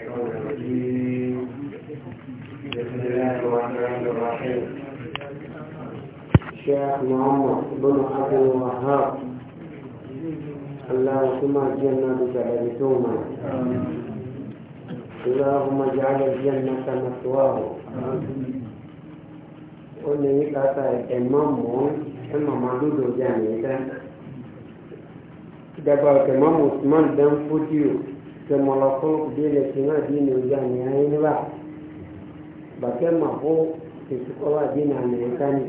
الشيخ محمد بن عبد الوهاب اللهم اجعلنا بجلالتهما اللهم اجعل الجنة مثواه قلنا يقاطع الإمام إمام عدود جامعة دبا الإمام عثمان دم فوتيو kẹmọ lọ fún ìbéèrè tí náà dín ní ojú àmì ayé níbà bàtẹ́ mà fún ìsúkọ́wà dín ní àmì ẹ̀ka ni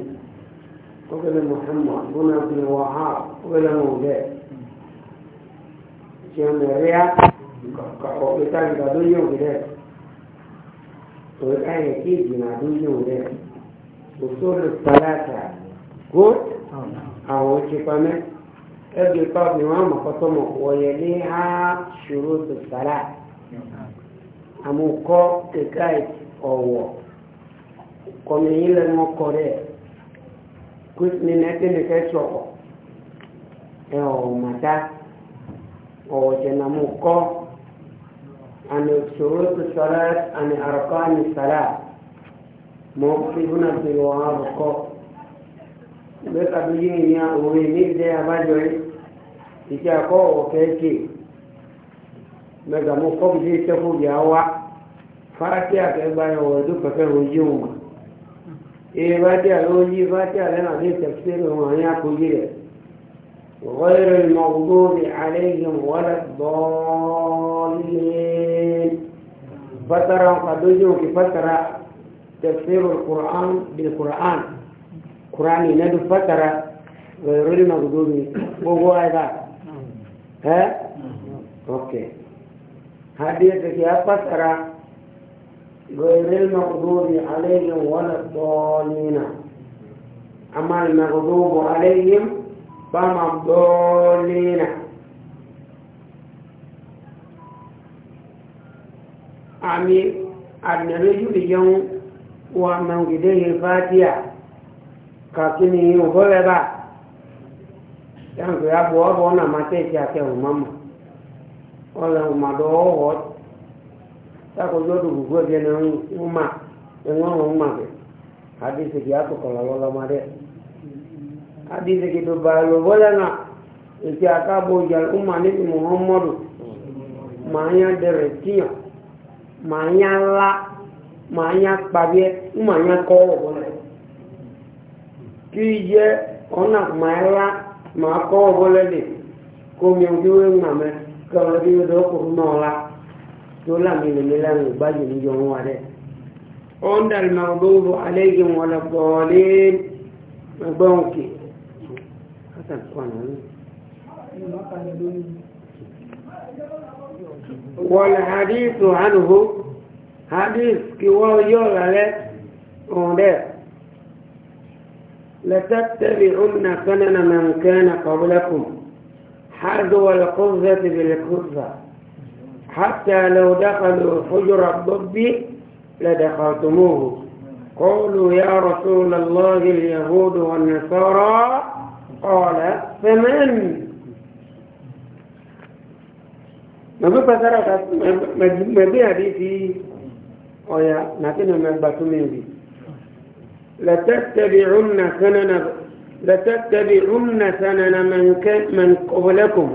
ó kẹlẹ́ muhammad bùnà bùnà wàhá ó kẹlẹ́ mọ̀ bẹ́ẹ̀ tí ọmọ rẹ̀ á kọ̀ ìta ìgbà tó yẹ̀ òun rẹ̀ òun ká yẹ kí ìgbìmọ̀ tó yẹ̀ òun rẹ̀ òṣòro pàlàkà kó àwọn òṣèpamẹ́ ẹgbẹ́ pap ni wọ́n mọ̀kọ́tọ́ mọ̀ wọ̀nyẹ̀ ní á ṣòro tó sára àmúkọ́ kíkà ọ̀wọ̀ kọ̀mìyìn lẹ́nu ọkọ̀ rẹ̀ kó ní nẹ́tẹ́lẹ̀ kẹ́ sọ̀kọ̀ ẹ̀ ọ̀wọ̀ màdá ọ̀wọ̀ jẹ̀nà mú kọ́ àmì ṣòro tó sára àmì àrùkọ́ àmì sára mọ̀ fi húnà bí wọ́n á mẹ́ta tó yé èèyàn òun èmi jẹ́ abájọ yìí ìṣe akọ́ ọ̀kẹ́ kè mẹ́ta mo kọ́ bí sẹ́kù bí a wá fáti àtẹ́gbá yẹn wọ̀ ẹ̀dùn pẹ̀pẹ́ wọn yé wọn. èyí fáti àlọ́ yí fáti àlẹ́ náà ní ìtẹ̀síṣẹ́ mi wọn ní àkójì rẹ̀. غير المغضوب عليهم ولا الضالين فترة قد يجوك فترة تفسير القرآن بالقرآن قرآن ندو فترة غيروني مغدومي بوغو آيبا ها اوكي حديث كي أبا ترى غير المغضوب عليهم ولا الضالين أما المغضوب عليهم فما الضالين أمي أدنى رجل يوم ومن قديه الفاتحة kakini ubole ba yangu ya bo bo na matete yake umama ola umado ho ta ko yodu gugu je na uma ngo uma ke hadisi ki ako kola lola mare hadisi ki to ba lo bola na iki aka bo jal umma ni muhammadu manya deretia manya la manya pabie manya ko bola kí yẹ ọ̀nà màálá màá kọ́ ọ̀bọ̀lẹ́dẹ̀ kó mi ò díwé ń màmẹ́ kí ọ̀rọ̀ bí ó dọ́kọ̀ fún náà la tó lámì lèmi rẹ̀. ó ń dàrí màá bó wọn lọ ẹgbọ́n hadith لتتبعن سنن من كان قبلكم حذو القذة بالقذة حتى لو دخلوا حجر الضب لدخلتموه قولوا يا رسول الله اليهود والنصارى قال فمن ما بفسرت ما بي حديثي ويا نتنا ما بتمين بي لتتبعن سنن لتتبعن سنن من كان من قبلكم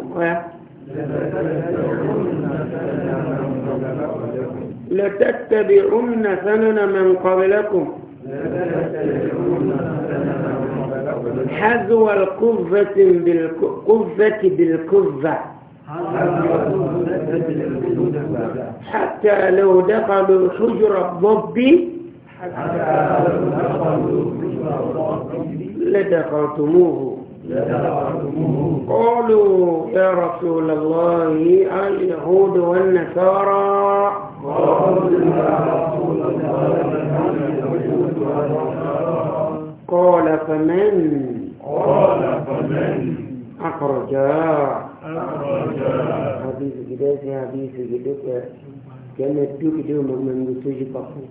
لتتبعن سنن من قبلكم حذو القفة بالقفة بالقفة حتى لو دخلوا حجر الضب لدخلتموه قالوا يا رسول الله اليهود والنصارى قال فمن قال فمن أخرجا حديث كده حديث كده كان الدوك دوما من يتوجب أخوه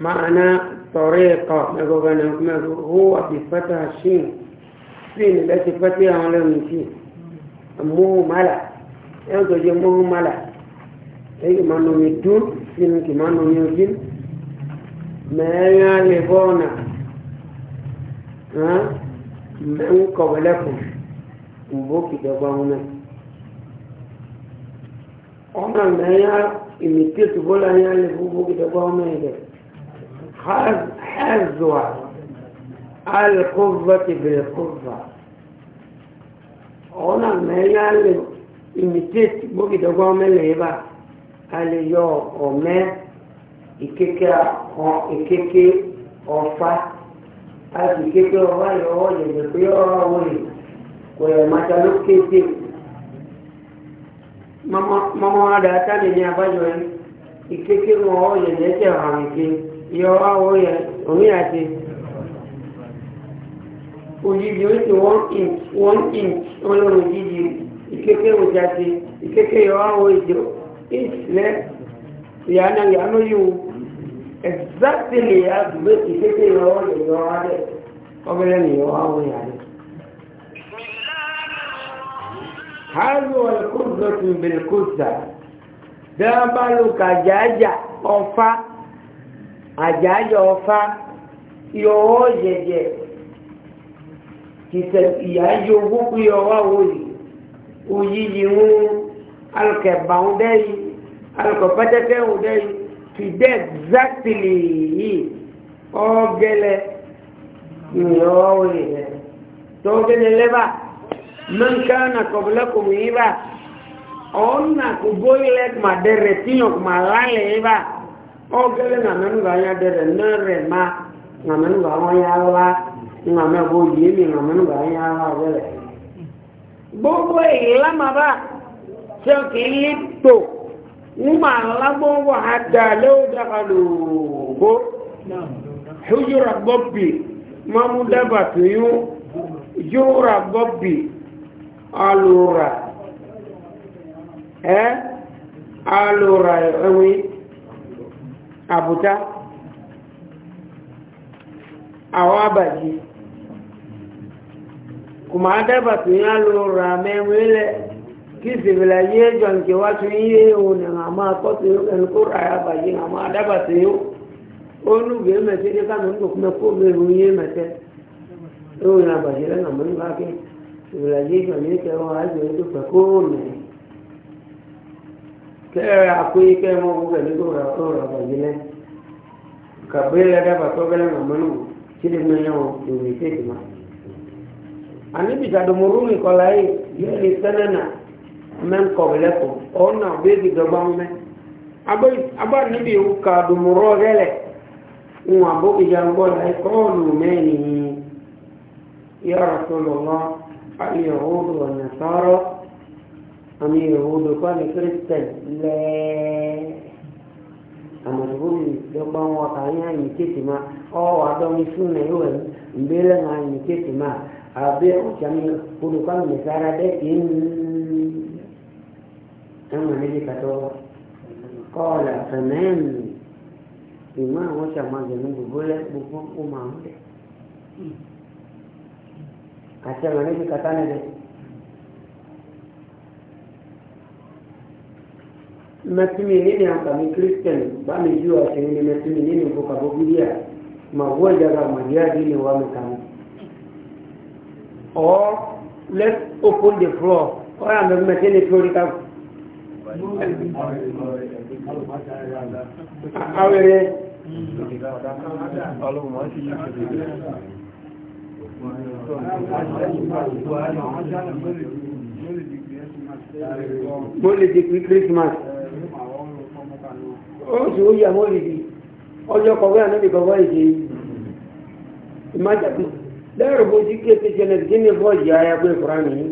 معنى طريقة هو بفتح الشين السين التي فتحها لم يشين مو ملا يوجد يعني مو ملا أي ما نمدون سين كما نمدون ما يعرفون ها من قبلكم مبوكي دباونا أمر ما يعرف إمتلت بولا يعرف مبوكي دباونا يدفع حذوة القبة بالقبة هنا مينا imitate bóki dọ́gbọ́n ọmọ ilẹ̀ yìí a lè yọ ọ̀mẹ́ ìkéke ọ̀fà a sì kéke ọ̀fà ya yẹ̀dẹ̀ pé ọ̀rọ̀ wòye kò yẹ̀ màtà ló kéde mọ́mọ́ adà yọ awọ yẹ òun yà ti ó ti one inch one inch ọlọ́run òjijì ìkéké ti ìkéké yọ awọ ìjọ inch lẹ ìyànà ìyànà yìí exactly yà gbé ìkéké yọ awọ yẹ yọ awọ ọbẹ̀rẹ̀ ni yọ awọ yà rẹ. hàlù ọ̀lẹ́kùnzọ́tún kùsà kàjáàjà àjà yọ ọfá yọwọ́ yẹ̀yẹ̀ kìtẹ̀ ìyá yọ gbogbo yọwọ́ wòlì òyìyì ń alùkẹ̀bà ń dẹ́yìn alùkọ̀pẹ́tẹ́tẹ́ ń dẹ́yìn fìdẹ́ exactly yìí ọ̀gẹ́lẹ̀ yọwọ́ wòlì rẹ̀ tó gẹ́lẹ̀ lẹ́bà mẹ́ńkánà kọ̀bùlẹ́kùn yìí bá ọ̀nà kò bóyí lẹ́kùn màdẹ́rẹ̀ sínú màlálẹ̀ yìí bá ogele ngamenu ga ya dere nere ma ngamenu ga won ya la ngame bo yi mi ngamenu ga ya la gele gbogbo ila ma ba se o ki li to ngba la ha da le o da hujura bobbi mamu daba tuyu jura bobbi alura eh alura ewi àbúta àwọn àbàjì kùmà dábà tó yá ló ra mẹ́rin lẹ̀ kí ìsìnkìlá yé jọ nke wá tó yé òun ní àmà àkọ́tò ẹni kó ra àbàjì àmà dábà tó yó ó nù gbé mẹ́tẹ́ dé kánú nínú kúmẹ́ kó mẹ́rin yé mẹ́tẹ́ ó ní àbàjì lẹ́nu àmọ́ nígbà kí ìsìnkìlá yé jọ ní kẹwàá àjọ ètò pẹ̀kó mẹ́rin kẹ́ẹ̀rẹ́ àkóyí kẹ́ẹ̀ mọ́ gbogbo ẹ̀mí tó rà tó rà bàjẹ́ lẹ́ kàbí lẹ́dàbà tó bẹ́lẹ̀ mọ̀mọ́nù tí lè mú ẹ̀yàn ìwé tètè mọ́. àníbi ìtàdùmọ̀rú mi kọ́ láyé yóò lè tẹ́lẹ̀ nà mẹ́ńkọ̀ lẹ́kọ̀ọ́ ọ̀nà bẹ́ẹ̀dì dọ́gba mẹ́. abá níbi ìwú kàdùmọ̀rọ̀ rẹ́lẹ̀ ń wà bó ìjà ń bọ̀ láyé kọ́ọ̀lù mẹ́rin yàrá tó lọ́ àmì ìròwòdò kọ́ ni christian lẹ́ẹ̀ àmàlùbọ́ọ̀lù dọ́gba wọn kà ń yàn yìí kéètì máa ọ́ àdọ́ni fún mi ìwé ìgbélé wọn yìí kéètì máa àbẹ́ ọ̀jà mi olùkọ́ mi sára dẹ́ kí n ẹ̀mọ̀ níbi kàtọ́ kọ́ọ̀lù àfẹ̀mẹ́ẹ̀mì ìmọ̀ àwọn sàmàjẹ̀ mɛtumi nini akami kristian bami ju asɛnni mɛtumi nini fo kabo bilia ma wo jaga ma dia di ni wa mɛkami ɔ let open the floor ɔyà mɛ mɛtɛ ni tori ka awere mo le di kwi christmas wọ́n sì ó yà wọ́n lè di ọjọ́ kọ̀wé ànábì kọ̀wé ìdè ìmájàmù lẹ́rù bó ti ké tẹ́jẹ́ náà kí ní bọ́ọ̀jì ayágbé ìkura nìyí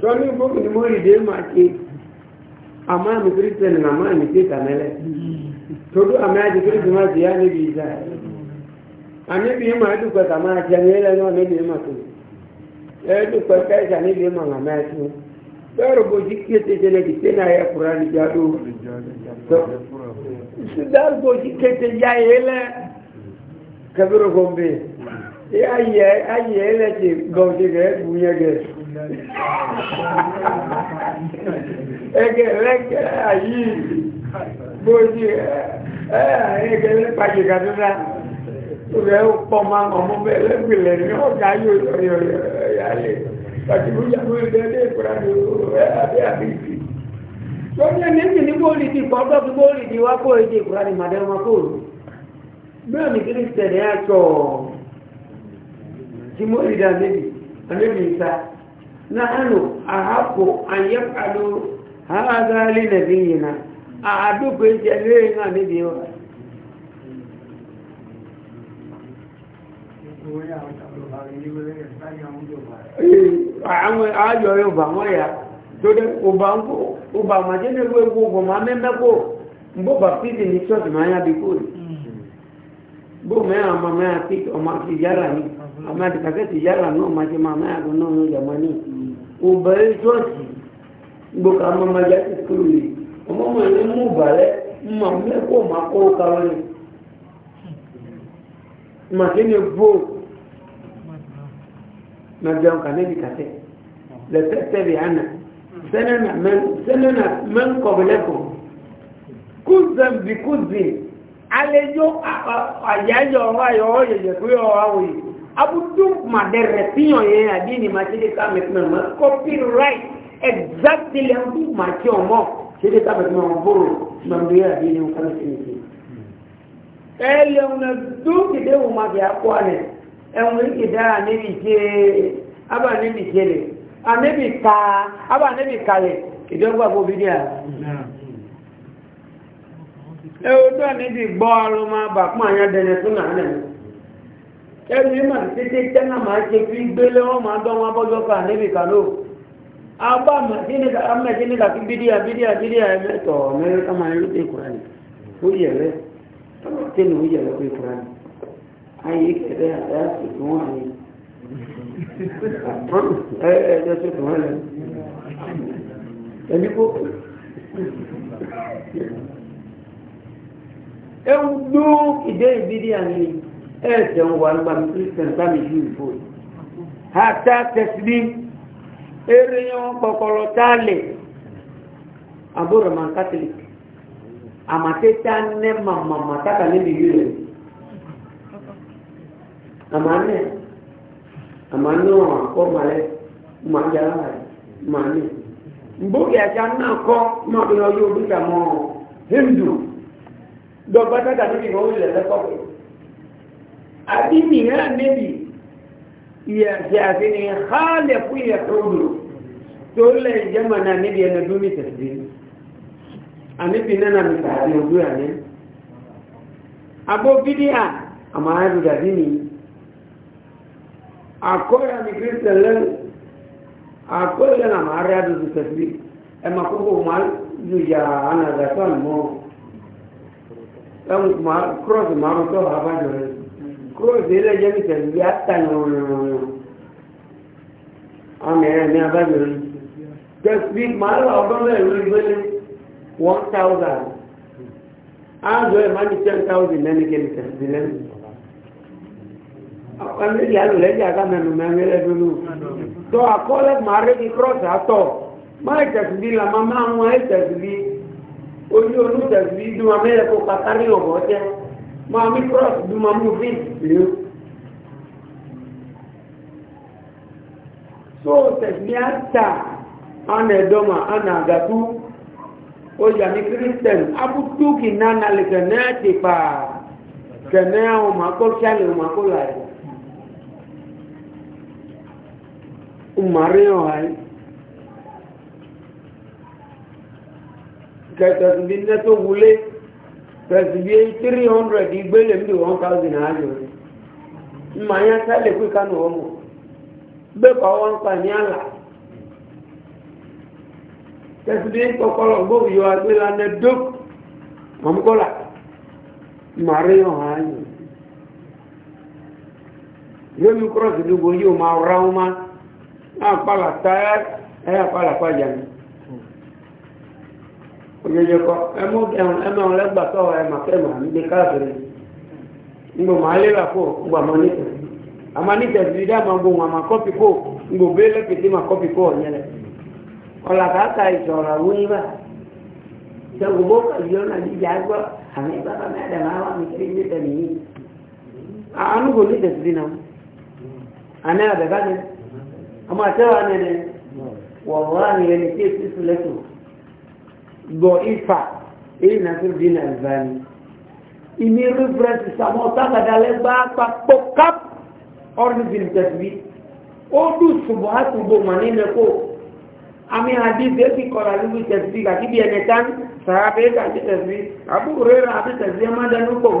sọ ní gbogbo ni mo lè dé máa ké àmọ́ àmì kírísítẹ́nì àmọ́ àmì kéka mẹ́lẹ̀ tòdó àmì àti kírísítẹ́nì máa ti yá níbi ìjà àníbi máa jẹ́ dárògbò jí kí ètè jẹlẹ kì tẹ́ náà yẹ kúrò ní jáde o dárògbò jí kí ètè já yé lẹ kẹbírò kò ń bè é ayẹ ayẹ lẹ ti gbọ́n ti gẹ̀ ẹ́ bu yẹ gẹ̀ ẹgẹ̀ lẹ́gẹ̀ ayí bóyí ẹ ẹgẹ̀ lẹ́pàjì kàdúrà rẹ̀ ó pọ̀ máa ń ọmọ bẹ́ẹ̀ lẹ́gbẹ̀lẹ̀ ní ọ̀gá yóò yọ̀ yọ̀ yọ̀ yálẹ̀ kàtìmú yàgò ẹgbẹ́ ẹgbẹ́ ìkura ni ẹ abẹ́ abẹ́ ìfì. wọ́n ní ẹni ẹ̀mí ní bóòlì ti kọ́ ọ́dọ́ fún bóòlì ti wá kó èdè ìkura ni màdé wọn kó o. bẹ́ẹ̀ ni kírísítẹ̀nì á tọ̀ tí mo rí da méjì àmì ìta náhánu àhápò àyẹ́pàdó hágálí nàbí yìí náà àádókò ìjẹ́lẹ́ ìhàn àmì ìwà. Oye, àwọn ayọ̀ yọba wọn ya tó dé ọba àmàjẹ́lẹ̀ ma mẹ́mẹ́kò mbó bàtíìsì ní ṣọ́ọ̀tì máa yá bí kò rí bó mẹ́rin ọmọ mẹ́rin tí ọmọ ti yára ní ọmọ ti ti yára ní ọmọ ti mẹ́rin náà ní ìjàmọ́ ní ọba ẹ̀ kúrò rí ọmọ mú ما جاءوا كنبي كثير لتتبعنا سنن من سنن من قبلكم كذا بكذب àlejò àyájọ́ ọ̀rọ̀ ayọ̀ ọ̀yẹ̀yẹ̀ pé ọ̀rọ̀ àwọn yìí abudu màdẹ̀rẹ̀ fíyàn yẹn àdínì máa ṣeré kámẹ́tìmọ̀ mọ́ copyright exactly abudu màtí ọmọ ṣeré kámẹ́tìmọ̀ mọ́ bòrò mọ̀mọ́ yẹn àdínì kámẹ́tìmọ̀ ẹ̀ lẹ́wọ̀n náà dókìdéwò máa fi àkọ́ àlẹ́ ẹ̀wọ̀n ìdá ànẹ́bì ṣe àbà ànẹ́bì ṣe lè ànẹ́bì ka àbà ànẹ́bì kalẹ̀ ìjọba àbòbí ní à. ẹ̀wọ̀n tó ànẹ́bì gbọ́ ọrọ̀ máa bà fún àyà dẹ̀nẹ̀ tó nà nẹ̀. yìí màá tètè ṣe fi wọn fún ànẹ́bì ẹ̀mẹ́tọ̀ ọ̀mẹ́rẹ́ ayé kẹ̀lẹ́ àdá tuntun wà ní ẹ̀ẹ́dẹ́ tuntun wà ní ẹ̀mí kó ewu dó ìdé ìbídí àní ẹ̀ẹ́dẹ̀ ń wà nígbà kírísítẹ̀n sáàmì yìí ìfò àtà tẹ̀sílí eré yẹn Katolik, tálẹ̀ àbúrò mọ̀ kátólíkì àmàtẹ́ta nẹ́ màmàmà tábà níbi yìí rẹ̀ amane amanoa ko male majala mani mbugi achana ko mabino yudika mo hindu do bata da ni ko ile da ko adi ni ha nebi ya jazini khaliqu ya hudu to le jamana nebi na dumi tasbih anibi nana misali ndu ya ne abo bidia ama hadu da dini akoya ni kristo len akoya na maria do tsafi e ma ko mal yu ya ana da san mo tam ma cross ma ro to haba jo cross ile je ni tan ya tan no ame ne aba jo tsafi ma la odo le ri one thousand, azo e ma ni 10000 ne ni ke ni tsafi akpɛnɛ di alu lɛ di aka mɛnu mɛmɛ lɛ dunu tɔ akɔ lɛ mare di krɔs atɔ mɛ ɛtɛsi bi la mɛ mɛ aŋɔ ɛtɛsi bi oyi onu ɛtɛsi bi du mɛ yɛ kó kakari ɔbɔ tɛ mɛ ami krɔs du mɛ mu fi lio so ɛtɛsi bi ata ana ɛdɔma ana agatu oyi ami kristian abutu kinana le kɛnɛ ti paa kɛnɛ ahoma kɔ fiali ahoma kɔ la yɛ. umario hai ke tasbih ne to wule tasbih 300 igbele mbi 1000 ajo mmanya sale kwi kanu omo be kwa wan pa ni ala tasbih kokolo go yo agbela ne dok mamkola mario hai yo mi cross ni go yo ma rauma àpàlà táyà ẹ̀yà àpàlà pàjà ní òjòjò kọ ẹmú ẹmọ lẹ́gbà tọ́wọ́ ẹmà fẹ́mà níbi káàkiri ngbò máa lélà fò ngbà máa nítẹ̀ àmà nítẹ̀ sí dá máa gbò wọn àmà kọ́pì kò ngbò bẹ́ lẹ́kẹ̀tì máa kọ́pì kò ọ̀nyẹ́lẹ̀ ọ̀là kàákà ìṣọ̀rọ̀ àwọn ibà sẹ́gun bó kàlíọ́ náà jíjà gbọ́ àmì bàbá mi àdàmà wà mí kiri nítẹ̀ nìyí àánú kò nítẹ̀ sí náà àná àbẹ̀bá ni amma cewa ne ne wallahi ya nike su su lato go ifa iri na su dina albani imi reference samo taka da le ba pa pokap orni bin tasbi o du subhatu bo manine ko ami hadith e ki kora lu bi tasbi ka ki bi ene tan sahabe ka ki tasbi abu hurairah abi tasbi ma da nu ko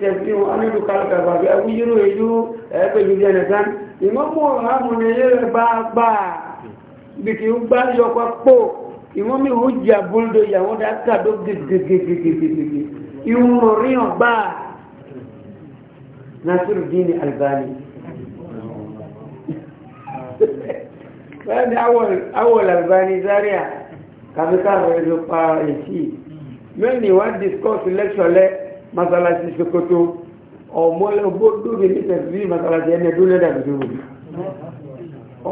tẹ̀sí wọn nílùú kálùkàgbà bí awúyírò ìlú ẹ̀ẹ́pẹ̀lú jẹ́nẹ̀tán ìmọ́mọ́ àmúnilé gbàgbà bí kí ó gbá yọkọ pò ìmọ́mí ó jà búldo ìyàwó dákà tó gègègègègègègè masalasi sokoto ọmọ ọgbọdọ mi ní tẹsí masalasi ẹni ẹdún lẹdà tó tóbi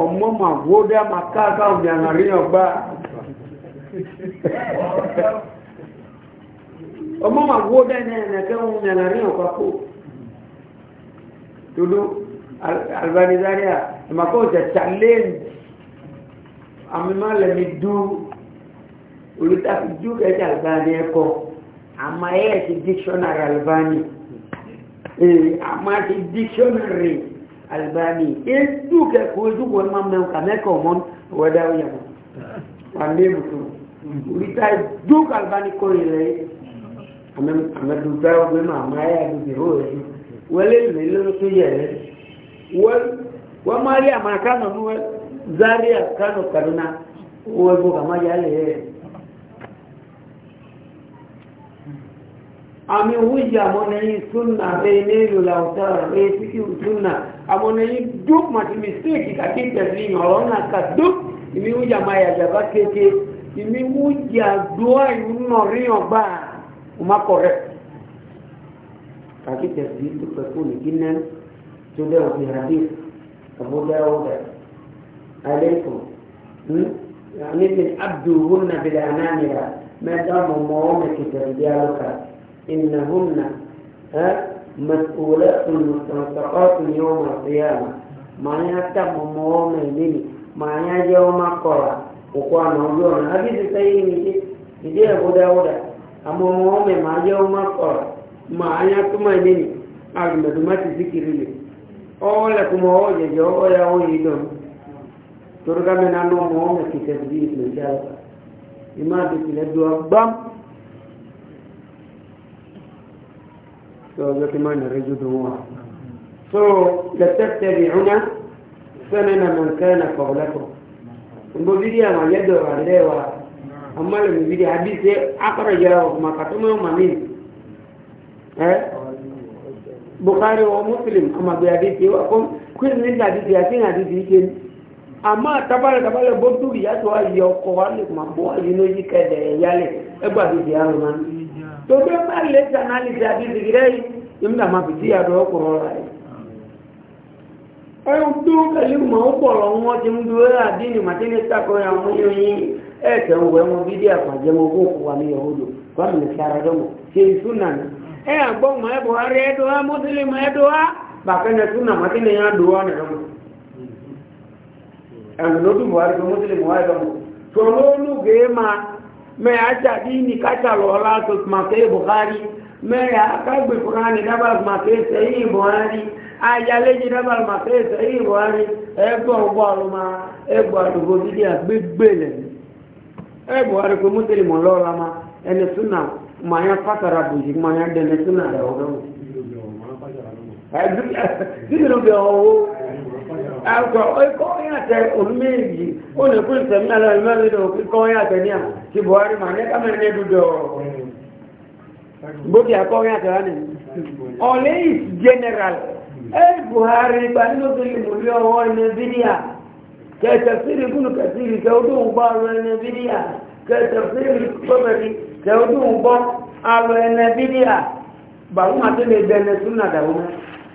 ọmọ mà gbódà mà káàkà òbí àmàríyàn gbá ọmọ mà gbódà ní ẹnẹkẹ òbí àmàríyàn kakó todo albanizaria makosa challenge amemala midu ulitaka juu kaita albania ko àmà ẹ̀ ti dictionary albani àmà ti dictionary albani ètò kẹkọọ ojúkọ ẹ máa mẹun kàmẹkọ ọmọ wẹdà ọyàmọ wàndé mùtò òrìta dúk albani kọ ilẹ̀ àmẹdùgbà ọgbẹ mọ àmà ẹ̀ àdúgbò ìhó ẹ̀jú wọlé ìlú ìlú tó yẹ ẹ wọ́n máa rí àmà kánò zaria kánò kaduna owó ẹgbẹ́ kàmáyà lè àmì wíjà mọ́nẹ́yìn súnà ẹ̀yìn nílùú làwùtára ẹ̀yìn síkì súnà àmọ́nẹ́yìn dúk màtí mistake kàkí tẹ̀sí ọ̀rọ̀nà kà dúk ìmí wíjà máa yàjàbá kéèké ìmí wíjà dúà ìrúnà ríyàn bá ọmọ kọ̀rẹ́ kàkí tẹ̀sí tó pẹ̀kú ní gínẹ́ tó dẹ̀rọ̀ fi hàdí àbúdáwọ̀dà alẹ́kùn ní abdulhunna bìlẹ̀ anáàmìlà mẹ́ta mọ̀mọ́ mẹ́kẹ̀tẹ̀ ìdí alọ́kàá إنهن مسؤولات مستنطقات يوم القيامة ما يتم مؤمن ما يوم قرى وقوانا وجونا هذه سيئة إذا أبو داود أما مؤمن ما يوم قرى ما يتم مؤمن أجمد ما تذكر لي أولا كما هو جيجو أولا هو يدون ترغم أنه مؤمن كتبديد من جالبا إما بكلا دواب ọjọ́ tí máa nàrẹ́ jùlọ wọn. so lẹ́tẹ̀tẹ̀rì ọ̀nà sẹ́nẹ̀nà mọ̀nkẹ́nà kọ̀ọ̀lẹ́kọ̀ gbogbo bídí àwọn ayẹ́dọ̀ àlẹ́ wa amálòmí bídí àbíṣe akọ̀rọ̀jà ọ̀gbọ̀n kàtọ́mọ́ màmí ẹ́ bukari wa muslim amabe hadithi wa kom kwini ni hadithi ya sin hadithi ken ama tabale tabale bodu ya to ayo ko wale kuma bo ayo no yikede yale e gba hadithi ya man tobe mbali leta analizi hadithi girei imda mapitia do kurora ayo mduka liuma upolo ngoje mduwe adini ta ko ya mwenyo yini ete eh, uwe je mo ko kuku wa miyahudu kwa do mo ke sunna e bo ma do a muslim edwa bakanya sunna matini ya a ne domo mo are do muslim wa lu ge ma mɛ atadini katalɔ la tomake buhari mɛ akagbe kurani daba tomake sɛyi buhari ayaleji daba tomake sɛyi buhari ɛgbɔ e bɔluma maka e adogo didi agbegbe lɛ ɛgbɔ e ariko mɔlɔ la ma ɛnɛ suna manya patara bozi manya dɛnɛ suna o dídìrú bẹ ọwọ́ àgbà ikọ́ yàtẹ̀ olùmẹ́yìí ó lè kún ìsẹ̀mí aláwọ̀ mẹ́rin lọ ikọ́ yàtẹ̀ ní à ti buhari mà ní kámẹ́rin ní dúdọ̀ gbókè akọ́ yàtẹ̀ wá nìyí ọ̀lẹ́ is general ẹ̀ buhari gba nínú tó lè múlẹ̀ ọwọ́ nàìjíríà kẹtẹ̀sírì kúlù kẹtìrì kẹwọ́dún gbọ́ àrùn nàìjíríà kẹtẹ̀sírì kọ́bẹ̀rì kẹwọ́dún gbọ́ àrùn nàìjíríà bàwọn àti lè dẹ̀nẹ̀ súnà dàwọn mẹ́rin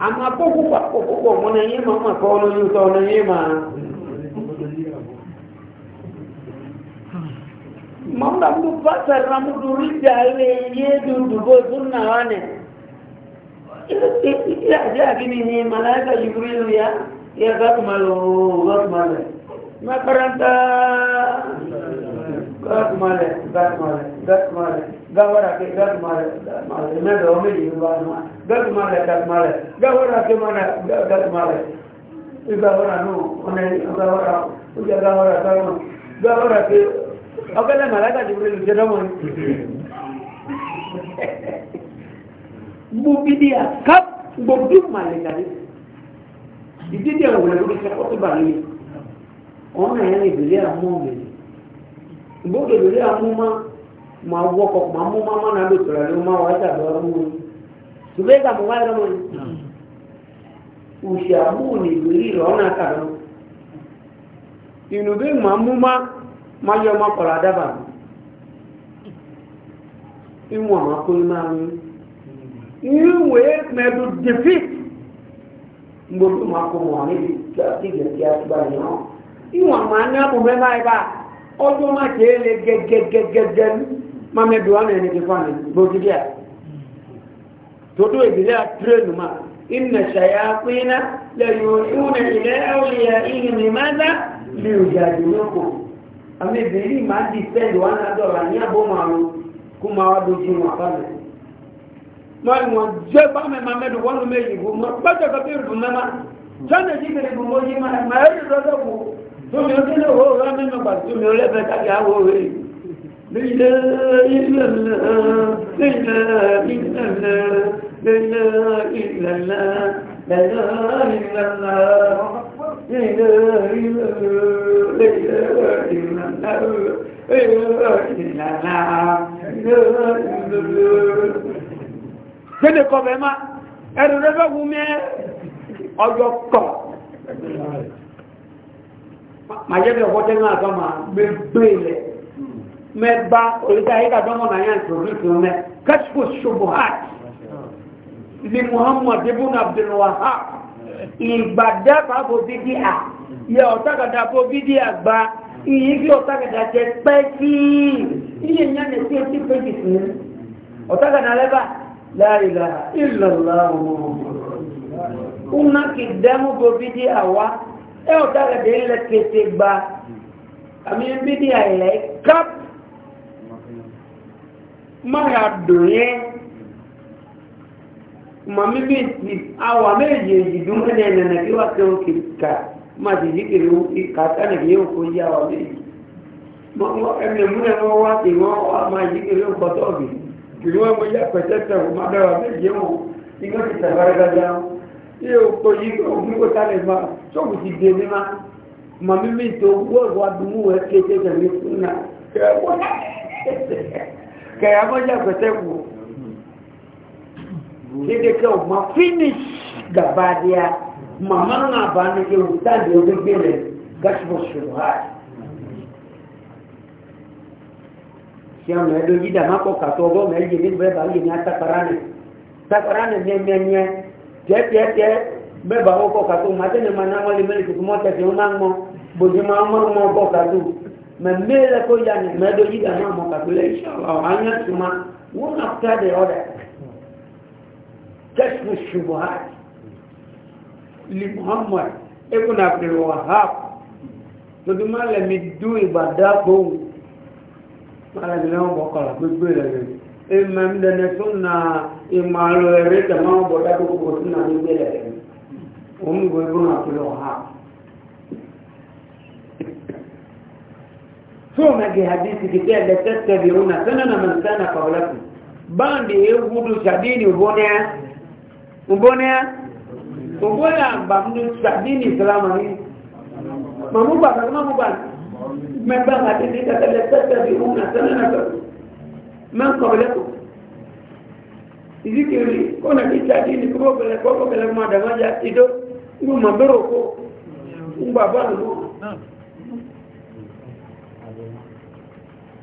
ama kókó pa kókó pọ̀ mọ́ náà yín máa máa kọ́ ọ́nà yín tọ́ ọ́nà yín máa. mọ́nà mú bàtà ramudu rídà lè yé dùdùbò tún náà wà nẹ̀. ilé àti àbíní ni màláìka yubiru ya yẹ gàtùmá lò gàtùmá lẹ̀. mẹ́kọ̀rọ̀ ń ta gàtùmá lẹ̀ gàtùmá lẹ̀ gàtùmá gawara ke gat mare mare na do me di ba ma gat mare gat mare gawara ke mana gat mare i e gawara no one gawara u ja gawara ta no gawara ke akala malaka jibril je da mon bu dia kap bu bi male ka ni idi dia wala ko se ko ba ni ona ya e ni dia, mo me bo ke bidia mo ma ma woko ma mu mama na ma wa ta do mu sube ka mu wa ro mu ushabu ni guri ro na ka ro inu ma mu ma ma ma kola da ma defeat ma a ba ma ba mame duane ni kifani bogidia todo ibila trenu ma inna shayatina la yuhuna ila awliyaihim limadha liyujadilukum ame bili ma depend wana dola nya bomaru kuma wadu jinwa pale mali mo je ba me mame du wonu me yibu mo bata ka biru du mama jana jibere bu moji ma ma yiru do do bu to mi o kele ho ra me لا إله إلا الله لا إله إلا الله لا إله إلا الله لا إله إلا الله لا إله إلا الله لا إله إلا الله لا إله إلا الله لا إله إلا الله kéde kọfẹ ma ẹrù rẹ fẹ wù mí ọjọ kọ màjẹ bẹ wọtẹ náà kama gbẹgbẹ lẹ. mẹgba oríta ayé náà yà nítorí tó mẹ kashfu shubuhat li muhammad ibn abdul ìgbàdá pàbò bídí à ọ̀tàkàdà bó bídí ìyí kí ọ̀tàkàdà jẹ pẹ́ iye yẹn ní sí etí péjì sí ọ̀tàkàdà lẹ́bà la mara dùn ma mami si awa méje ìdúró ní ẹnana kí wàá kẹ́ òkè ká má ti yí kiri òkè ká sani kí yóò kó yí awa méje ẹnì múlẹ̀ wọn wá sí wọn wá má yí kiri òkè kiri ti ma ti ma kẹ̀yà mọ́jà pẹ̀tẹ́ kù kéde kẹ́ ọ̀gbọ́n finish gabadia màmá náà bá ní kí wọ́n táàdì ogbégbé rẹ̀ gáṣíwọ̀ ṣòro ha ṣé ọ̀nà ẹ̀dọ́ yìí dà má kọ́ kàtó ọgọ́rùn-ún ẹ̀yẹ nínú bẹ́ẹ̀ bá yẹ ní atakara nì takara nì mẹ́mẹ́mẹ́ tẹ́tẹ́tẹ́ bẹ́ẹ̀ bá wọ́n kọ́ kàtó màtẹ́ni ma náà wọ́n lè mẹ́lẹ̀ tuntun mọ́ tẹ̀sí wọn máa ń mọ́ bòdì máa ń mọ́ ọgbọ́ membele ko yani medo yiga na mo kabila inshallah anya tuma one after the other kashfu shubuhat li muhammad ibn abdul wahhab to duma le mi du ibada bo mala mi no bo kala gbegbe le e mam de ne sunna e malo ere te ma bo da ko ko sunna ni bele o mi go ibn abdul wahhab soma ge hadithi kitende tete biuna sana na mansana kablaku bandi evudu sabini ubonea ubonea ubonea bamdu sabini salama hii mamuba kama muba mamba hadithi kitende tete biuna sana na man man kablaku izikiri kona kitadini kwa kubogele madamaja ido ngumabero ko ngubabanu naam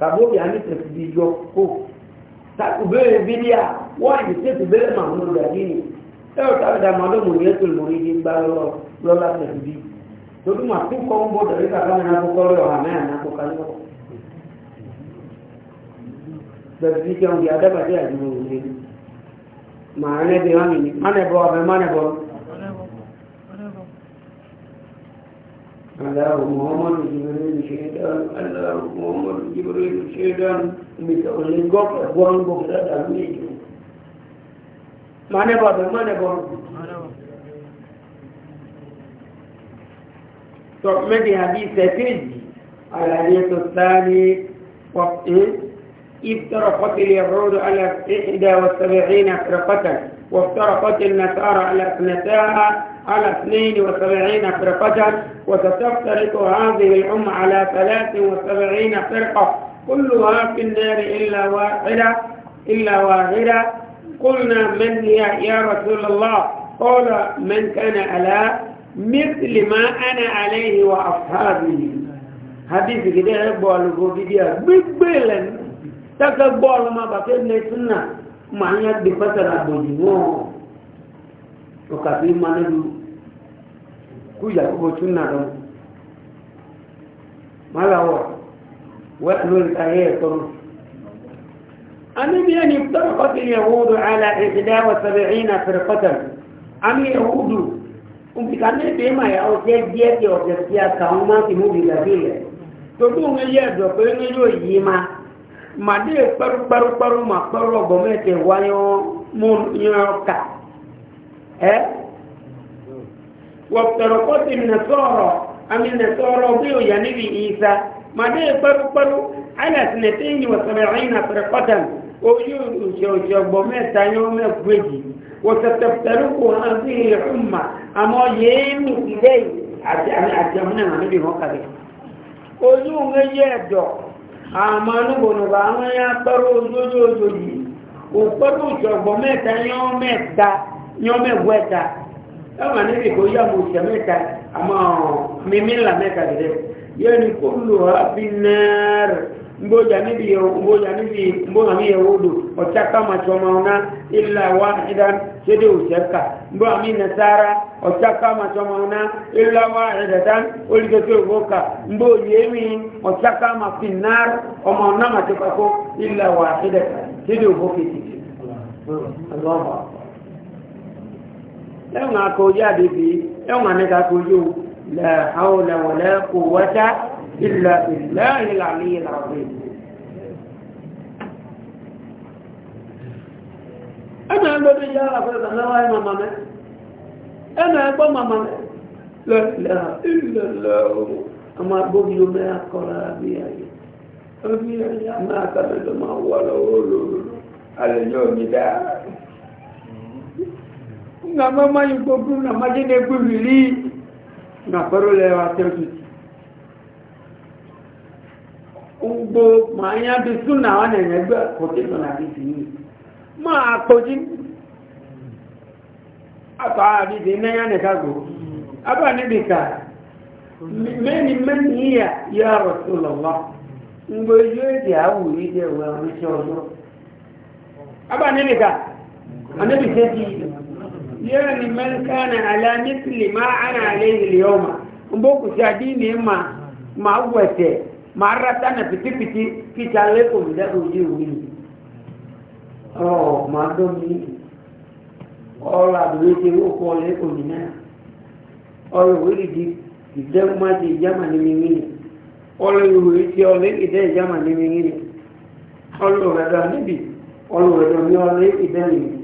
sababu yani tafsirio ko takubele bidia wani tafsirio mambo ya dini leo tabda mambo mwenyezi muridi mbalo lola tafsirio ndio matuko ombo dalika kama napokoleo hamana napokalio tafsirio ndio adaba ya dini maana bi wani maana bo maana bo اللهم عمر جبريل شيطان اللهم عمر جبريل شيطان متولين قوك أخوان قوك لا تعمل ما نبغى ما نبغى تعمد حديث تجي الحديث الثاني وقت افترقت إيه؟ اليهود على إحدى فرقة وافترقت النصارى على اثنتاها على اثنين فرقة وستفترق هذه الأمة على 73 فرقة كلها في النار إلا واحدة إلا واحدة قلنا من هي يا رسول الله قال من كان على مثل ما أنا عليه وأصحابي حديث كده بول بوديا بيبلن تك بول ما بكتنا سنة ما بفترة بوديمو وكفي ما نقول ku yakubu tunna don malawa wahlul ayyakum annabi yani tarqat al-yahud ala 71 firqatan am yahud umpikane bema ya oje die ke oje kia kauma ki mu bidavile to tu ngeye do pe ngeyo yima wọ̀pọ̀tọ̀rọ̀kọ́tì nẹ̀sọ́rọ̀ àmì nẹ̀sọ́rọ̀ bí ó yà níbi ìsá ma dé pẹ́rúpẹ́rú alẹ́sìnẹ̀tẹ́yìn wọ̀sọ̀rẹ̀rìn àpẹrẹkọ́tà ojú òṣèòṣègbọ̀ mẹ́ta yóò mẹ́gbẹ́jì wọ̀sọ̀tẹ̀rúkù hàn sí ìrùmà àmọ́ yéémù ilé àti àmúnà níbi wọn kàlẹ̀ ojú méjì ẹ̀dọ̀ àmọ́ níbònúbà àwọn yá pẹ́rú ojú ojú yìí òpẹ́rú òṣèògbọ̀ mẹ́ta kama níbi kò yá mo ṣe mẹ́ta àmọ́ mímí ńlá mẹ́ta gẹ̀dẹ̀ yóò ní kó lò á bí náírà mboja níbi yẹ mboja níbi mbóhà mi yẹ wódò ọ̀tá kama tsọmọ ọ̀nà ilà wà ìdán ṣédé òṣèkà mbóhà mi nàṣàrà ọ̀tá kama tsọmọ ọ̀nà ilà wà ìdàdán olùdókè òwòkà mbóhà yẹmi ọ̀tá kama fìnnár ọmọ ọ̀nà màtí kakó ilà wà ìdàdán ṣédé òwòkè títì ẹ̀wọ̀n akọjú àdébí ẹ̀wọ̀n anẹ́ta kojú lẹ́hàólẹ̀wọ̀lẹ́ kò wọ́tá ilẹ̀ ilẹ̀ ìlànà ìlànà ẹ̀nà ẹgbẹ́bí yá àfẹ́sà lọ́wọ́ ẹ̀mà màmẹ́ ẹ̀nà ẹgbọ́ màmà lẹ́lẹ́ ìlẹ̀lẹ́ ọmọ àmà gbóbi omi akọ̀rọ̀ àbí ayé ọmọ ìyá máa kàbẹ̀lẹ̀ máa wọ́ lọ́wọ́ lóòrùn alẹ́jọ́ mi dáa nga mama yi gbogbo na maje na egwu rili na parolewa tetu ugbo ma anya dị suna ọ na-enye egbe poteto na dị dị ma akpoji akpa adịdị na ya na gago aba ni e dị e e ka meni meni iya ya rasulallah mgbe ihe eji awụ ije wee nwụchi ọzọ abụọ ni dị ka dị sebi يعني من كان على مثل ما أنا عليه اليوم مبوكو شاديني ما ما أوته ما رتنا بتي بتي في تعليكم ده وجيه أوه ما دومي أولا دويتي وكو ليكم هنا أولا ويريدي إذا ما دي جمع نميني أولا ويريدي أولا إذا جمع نميني أولا ويريدي أولا ويريدي أولا ويريدي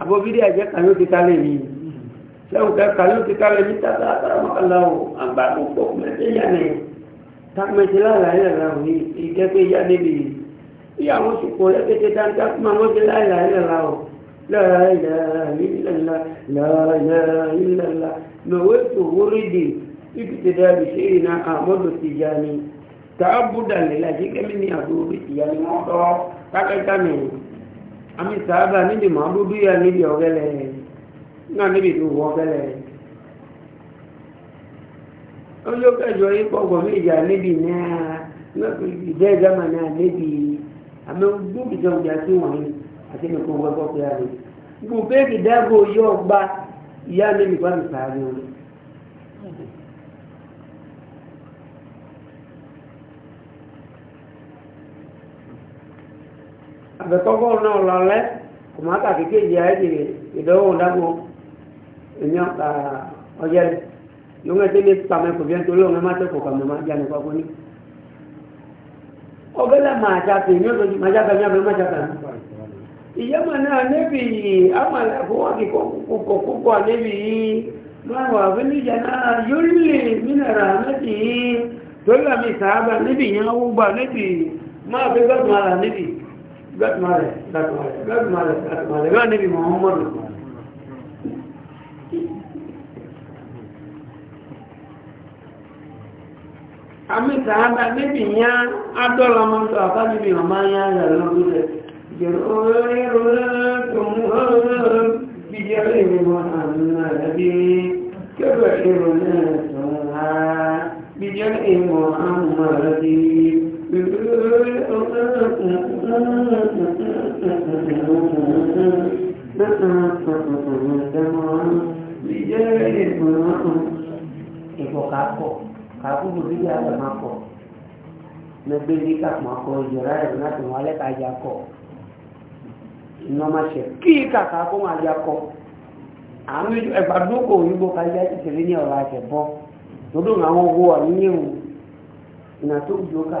àbọ̀ fídíò ẹ̀jẹ̀ kan yóò ti kálẹ̀ yìí sẹ́wọ̀n kẹ́ kan yóò ti kálẹ̀ ní tata àtàràmọ́kànlá o àgbà tó pọ̀ mẹ́tẹ́ yà ní tàmẹ́tẹ́ láàlàyé lẹ́la o ní ìjẹ́pẹ́ yá níbi yìí bí àwọn sùkò lẹ́kẹ́tẹ́ dáńtá fún àwọn ti láàlàyé lẹ́la o láàlàyé lọ́wọ́ tó wúrí di ìkìtì dábì sí ìrìnà àmọ́dọ̀ ti já ni tààbù dàlẹ́ láti kẹ́mí ní àdúró ti já ni wọ́n tọ́ kákẹ́kẹ́ mẹ́rin àmì sàábà níbi màbúdú yà níbi ọ̀gẹ́lẹ̀ náà níbi ìdúwò ọ̀gẹ́lẹ̀ ọjọ́ kẹjọ yìí pọ̀gbọ̀n méjà níbi náà ìdẹ́ ìdámà náà níbi àmì gbókìtọ̀ ìjà sí wọ̀nyí àti nìkan wẹ́pọ̀ pé a lè gbogbo bẹ́ẹ̀ kì dáàbò yọ̀ gba ìyá níbi bá mi sàábà àbẹ̀kọ́kọ́ náà lọ́lẹ́ kò má kà kékeré jẹ́ àìjèrè ìdánwò dágbò èèyàn ọjọ́ rẹ̀ yóò ń tẹ́lẹ̀ pàmẹ́ kò bí ẹn torí òun má tẹ́kọ̀ọ́ kàmẹ́ má jáde pàpọ̀ ní. ọgẹ́lẹ̀ máa jáde ní ọ̀sán máa jáde ní abẹ́ máa jáde. ìyáma náà níbi àmàlà fún wa kì kókò kókò níbi yìí máa wà fún níjà náà yóò lè mínàrà méjì yìí tó làmì sàábà níbi yẹn Gàdùmálẹ̀, Muhammadu. Àmì sàádà níbi yá adọ́lọ mọ́tò àfábíbi ọmọ yá rẹ̀ lọ́gbọ́dẹ̀. Jẹ̀rọ orí rọrẹ́ tó mú ọrọ̀ bí jẹ́ rí wọn àmì rẹ̀ bí kẹ́bẹ̀ẹ́ ìrọ̀lẹ́ tó rà bí jẹ́ rí wọn àmì rẹ̀ bí Ìfọ̀ kàápọ̀, kàápùpù bí i àgbà máa kọ̀. Lẹ́gbẹ́ ní kàpọ̀ akọ ìjọra ẹ̀rọ láti wọn alẹ́ ká ajá kọ̀. Iná máa ṣẹ̀ kí kàkà kó máa ajá kọ̀. Àwọn ẹgbàdúkò òyìnbó kájá ti tẹ̀lé ní ọ̀rọ̀ àṣẹ̀bọ́. Tòdó àwọn owó àníyẹ̀wò ìnà tó gbòókà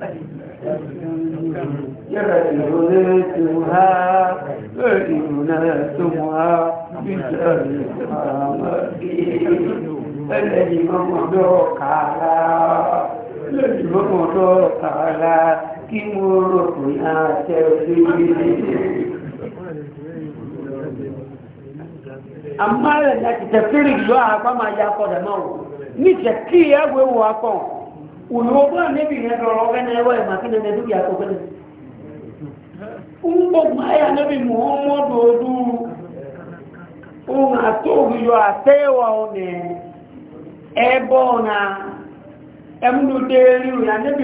جعلتها فإناتها بشر الذي ممدوك على الذي ممدوك على كموركنا تفسير amma da ta tafsirin zuwa ya kwa da mawu ni ta ki ya gwewa kwan òyìnbó níbi yẹn dọ̀rọ̀ ọ̀gẹ́nà ẹwà ẹ̀mà kí nẹ́nẹ́ dúkìá tó ń gbogbo ayà níbi muhammadu odú ohun àtòhùyọ àtẹ́wà ọ̀nà ẹbọ́ ọ̀nà ẹmúlùdé ríru ya níbi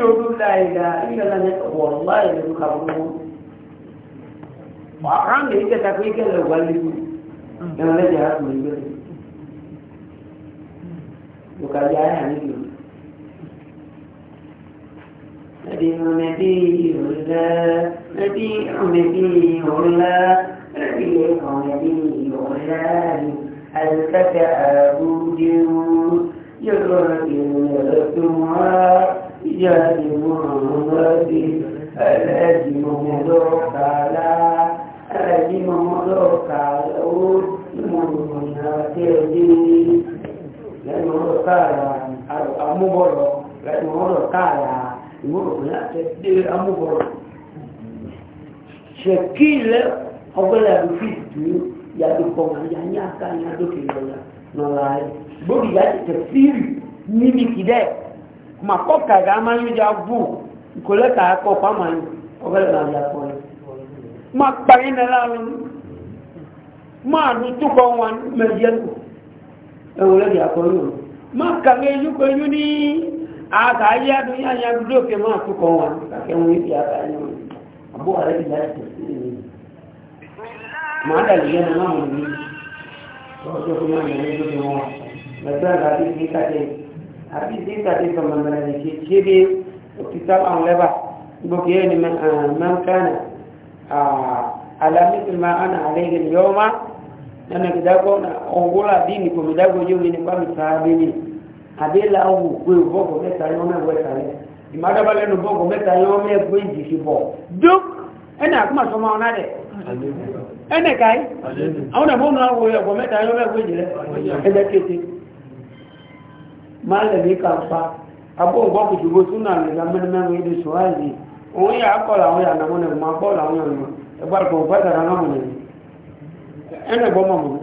نبي نبي الله نبي نبي الله نبي نبي الله هل تكابد يرد يرتمى يا محمد الرجم مدرك على الرجم مدرك على المنافقين لأنه قال أمو بولو لأنه قال ìwọ́n láti dé amúbọ̀rọ̀ ṣèkílẹ̀ ọgbẹ́lẹ̀ àdúgbò tó yàtọ̀ pọ̀ yà ní àká ní àdókè lọ́la lọ́la rẹ̀ gbóòdì yàtọ̀ tẹ̀síìrì níbi kìdẹ́ mà kọ́ kàgà máa ń yọjà bù kòlẹ́kà akọ pàmò ọgbẹ́lẹ̀ máa yà pọ̀ yẹn máa parí ní láàrin máa dùn túkọ̀ wọn mẹ́jẹ́ ẹ̀wọ̀n lẹ́yìn àkọ́yọ̀ máa kàgà ẹ̀yìn kọ́ ẹ̀yìn aka ayé adúnyá ya dúdú òkè máa tó kọ wọn kàkẹ́ wọn ibi aka ayé wọn àbó ààrẹ ti láti tẹ̀sí ní màá dàlú yẹn náà mọ̀ ní ọjọ́ tó máa yẹn lójú bí wọn lẹ́gbẹ́ àgbà bí sí kàdé àbí sí kàdé sọmọmọlẹ ní ṣe ṣe bí òkìtá àwọn lẹ́bà gbogbo yẹn ni mẹ́ńkánà alamisi ma ana alẹ́gẹ̀ yọ́ọ́má nana kìdákọ́ ọ̀gbọ́n àbí nìkòmìdágbọ́jọ́ mi nípa àbẹ́là mẹta òkú ẹ̀ bọ́ọ̀gù mẹ́ta yọ mẹ́wọ́ ẹ̀ta yẹ ìmọ̀dọ́bà lẹ́nu bọ́ọ̀gù mẹ́ta yọ mẹ́gbẹ́ ìjìṣẹ́ bọ̀ dúk ẹnì àkúmọ̀ sọmọ ọ̀nà rẹ̀ ẹnì káyí àwọn ẹ̀mọ́nù àwọ̀ na mẹ́ta yọ mẹ́gbẹ́ ìjìlẹ̀ ẹ̀dẹ́ kété máa lẹ̀ ní kàǹpa abọ́ ògbọ́ kùtùgbò súnà náà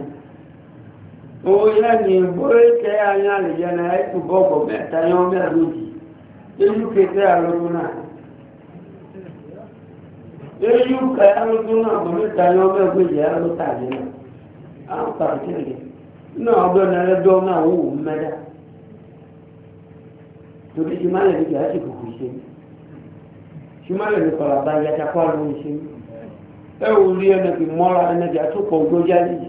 onye ya egbo ike anyị ya na ekpube ọgwụ metanye ọbịa n'ubi eyukete alụgụna eyuka na bụ metanye ọbịa gweji alụta dị na akpatịrị na ọbịa na ebe ọ na-awụwụ mmeda torí ṣìmáyẹ̀ ní kìí láti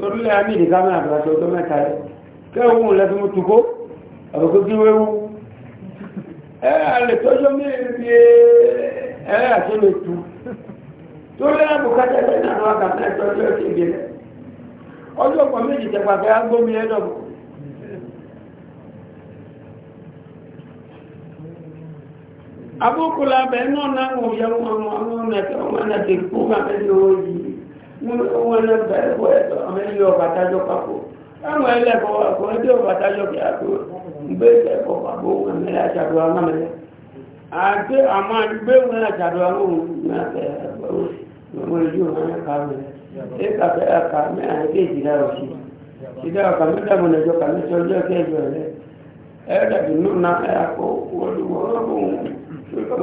torílẹ̀ amílì kámi àbúrásọ ọjọ́ mẹ́ta rẹ̀ kẹ́hùn lẹ́tí mú tukó àbùkú kí wéwú ẹ alẹ́ e, tu wọn lè bẹ̀rẹ̀ kó ẹ̀tọ́ ọmọ ilé ọ̀bàtàjọ́ papò táwọn ẹlẹ́kọ̀ọ́ ọkọ̀ ilé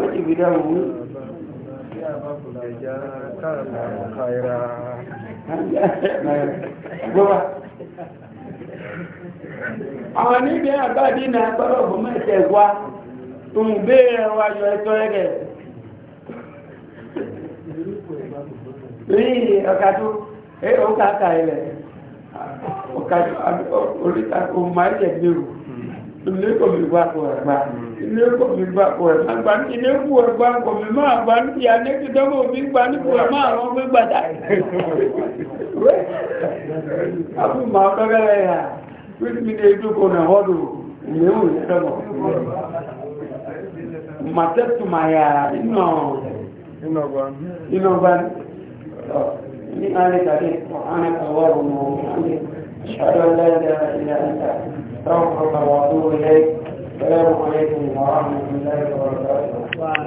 a tó جزاك الله خيرا àwọn níbi àbáàdì náà gbọ́dọ̀ bó mẹ́tẹ̀ wá tún béèrè wa yọ ẹ̀tọ́ rẹ̀ rí ọ̀kadú ọ̀kàkà ilẹ̀ ọ̀kadú oríta òun máa ń jẹ̀ gbèrú ilé kò mi gbà kó ẹgbà hmm. ilé kò mi gbà kó ẹgbà gbà ní ilé kú ẹgbà kò mi máa gbà ní ìyá ní kí dọ́gbò mi gbà ní kó ẹ máa rán gbé gbàdá. àbí màá kọ́kẹ́rẹ́ yà wíṣí mi ní ojú kò náà họ́dù ìyẹ́ wò màtẹ́tù màá yà iná iná gbà ní alẹ́ kàdé ọ̀hánà kàwọ́rù mọ́ ọ̀hánà ṣàdọ̀ láìláìlá استغفرك واتوب اليك السلام عليكم ورحمه الله وبركاته